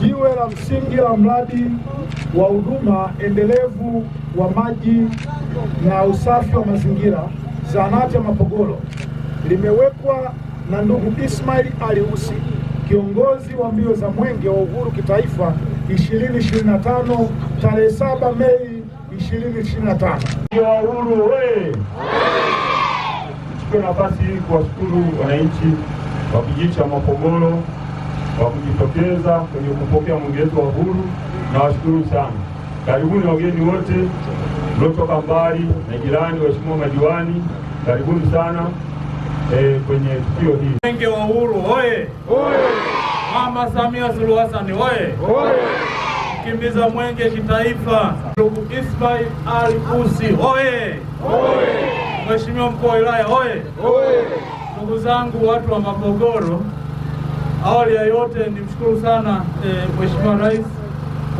jiwe la msingi la mradi wa huduma endelevu wa maji na usafi wa mazingira zahanati ya Mapogolo limewekwa na ndugu Ismail Ali kiongozi wa mbio za mwenge wa uhuru kitaifa 2025 tarehe 7 Mei 2025. Wa uhuru we chukue nafasi hii kuwashukuru wananchi wa kijiji cha Mapogolo wa kujitokeza kwenye kupokea mwenge wetu wa uhuru. Nawashukuru sana, karibuni wageni wote mliotoka mbali na jirani. Waheshimiwa madiwani, karibuni sana e, kwenye tukio hili. Mwenge wa uhuru oye! Mama Samia Suluhu Hassan oye! Kimbiza mwenge kitaifa. Ndugu Ismail Ali Kusi oye! Mheshimiwa mkuu wa wilaya oye! Ndugu zangu watu wa Mapogoro Awali ya yote nimshukuru sana e, Mheshimiwa Rais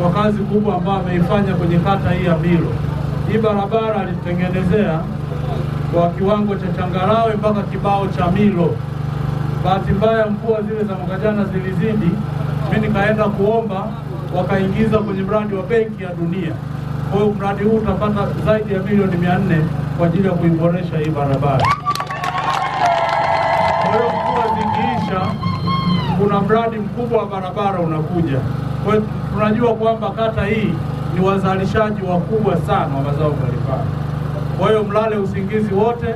kwa kazi kubwa ambayo ameifanya kwenye kata hii ya milo Hii barabara alitengenezea kwa kiwango cha changarawe mpaka kibao cha milo. Bahati mbaya mvua zile za mwaka jana zilizidi, mimi nikaenda kuomba, wakaingiza kwenye mradi wa Benki ya Dunia. Kwa hiyo mradi huu utapata zaidi ya milioni mia nne kwa ajili ya kuiboresha hii barabara. mradi mkubwa wa barabara unakuja. Kwa hiyo tunajua kwamba kata hii ni wazalishaji wakubwa sana wa mazao mbalimbali. Kwa hiyo mlale usingizi wote,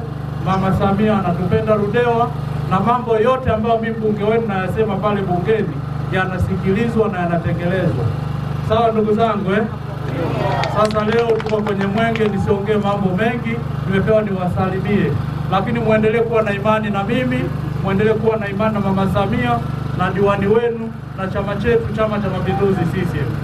Mama Samia anatupenda Ludewa, na mambo yote ambayo mimi mbunge wenu nayasema pale bungeni yanasikilizwa na yanatekelezwa. Sawa ndugu zangu eh? Sasa leo tuko kwenye mwenge, nisiongee mambo mengi, nimepewa niwasalimie, lakini mwendelee kuwa na imani na mimi, mwendelee kuwa na imani na Mama Samia na diwani wenu na chama chetu, Chama cha Mapinduzi CCM.